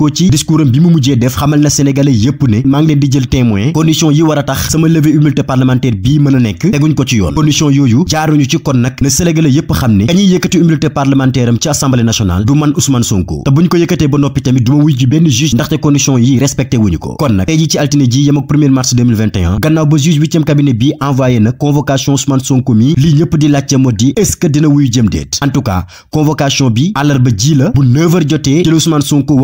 sukkandikoo ci discours bi mu mujjee def xamal na sénégalais yépp ne maa leen di jël témoin condition yi war a tax sama levée immunité parlementaire bii mën a nekk teguñ ko ci yoon condition yooyu jaaruñu ci kon nag ne sénégalais yépp xam ne kañuy yëkkati immunité parlementaire ci assemblée nationale du man Ousmane Sonko te buñ ko yëkkatee ba noppi tamit du wuy ji benn juge ndaxte condition yi respecté wuñu ko kon nag tey ji ci altine ji yem mars gannaaw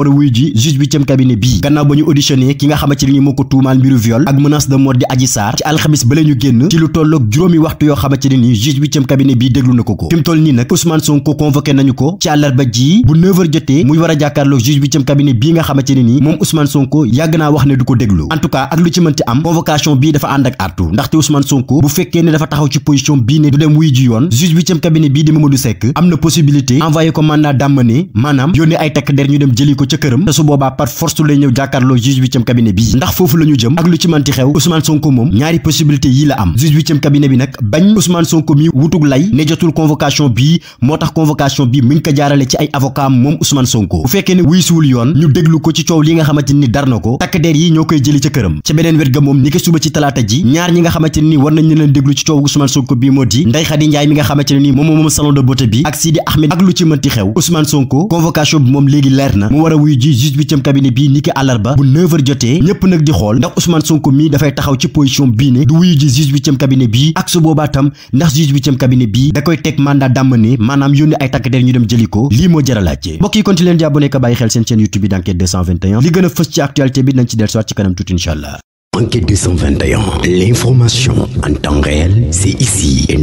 ba ji juge huitième cabinet bii gannaaw ba ñu auditionné ki nga xamante ni moo ko tuumaal mbiru viol ak menace de mort di Adji Sarr ci alxamis ba la génn ci lu tolloog juróomi waxtu yoo xamante ne ni juge huitième cabinet bii déglu na ko ko fi toll nii nag Ousmane Sonko convoqué nañu ko ci àllarba ji bu 9 jotee muy war a jàkkaarloog juge huitième cabinet bii nga xamante ne ni moom Ousmane Sonko yàgg naa wax ne du ko déglu en ak lu ci mënti te su boobaa par force lay ñëw jàkkaarloo juge huitième cabinet bii ndax foofu la jëm ak lu ci manti xew Ousmane Sonko moom am juge huitième cabinet lay ne jotul convocation bii moo tax convocation bi mi ngi ko jaarale ci ay moom Ousmane Sonko bu fekkee ne yoon ñu déglu ko ci coow li nga xamante ni dar na ko ñoo koy jëli ca këram ca beneen wet ga moom ni ki suba ci talaata ji ñaar ñi nga xamante ni war nañ leen déglu ci coow Ousmane Sonko bii moo di Ndeye Khady Ndiaye mi nga xamante ne ni moom moom salon de beauté bi ak Sidi Ahmed ak lu ci manti bi moom léegi leer na mu war a wuy ji juge cabinet bii niki àllarba bu 9h jotee ñëpp nag di xool ndax Ousmane Sonko mii dafay taxaw ci position bii ne du wuyu ji juge cabinet bii ak su boobaa ndax juge cabinet bii da koy teg mandat d'amener maanaam yónni ay takkateer ñu dem jëli lii moo jar a laajte mbokk yi konti leen di abonné ka bàyyi xel seen chaîne YouTube bi d'enquête li gën a fës ci actualité bi nañ ci dellusiwaat ci kanam tuuti incha allah. Enquête 221, l'information en temps réel, c'est ici et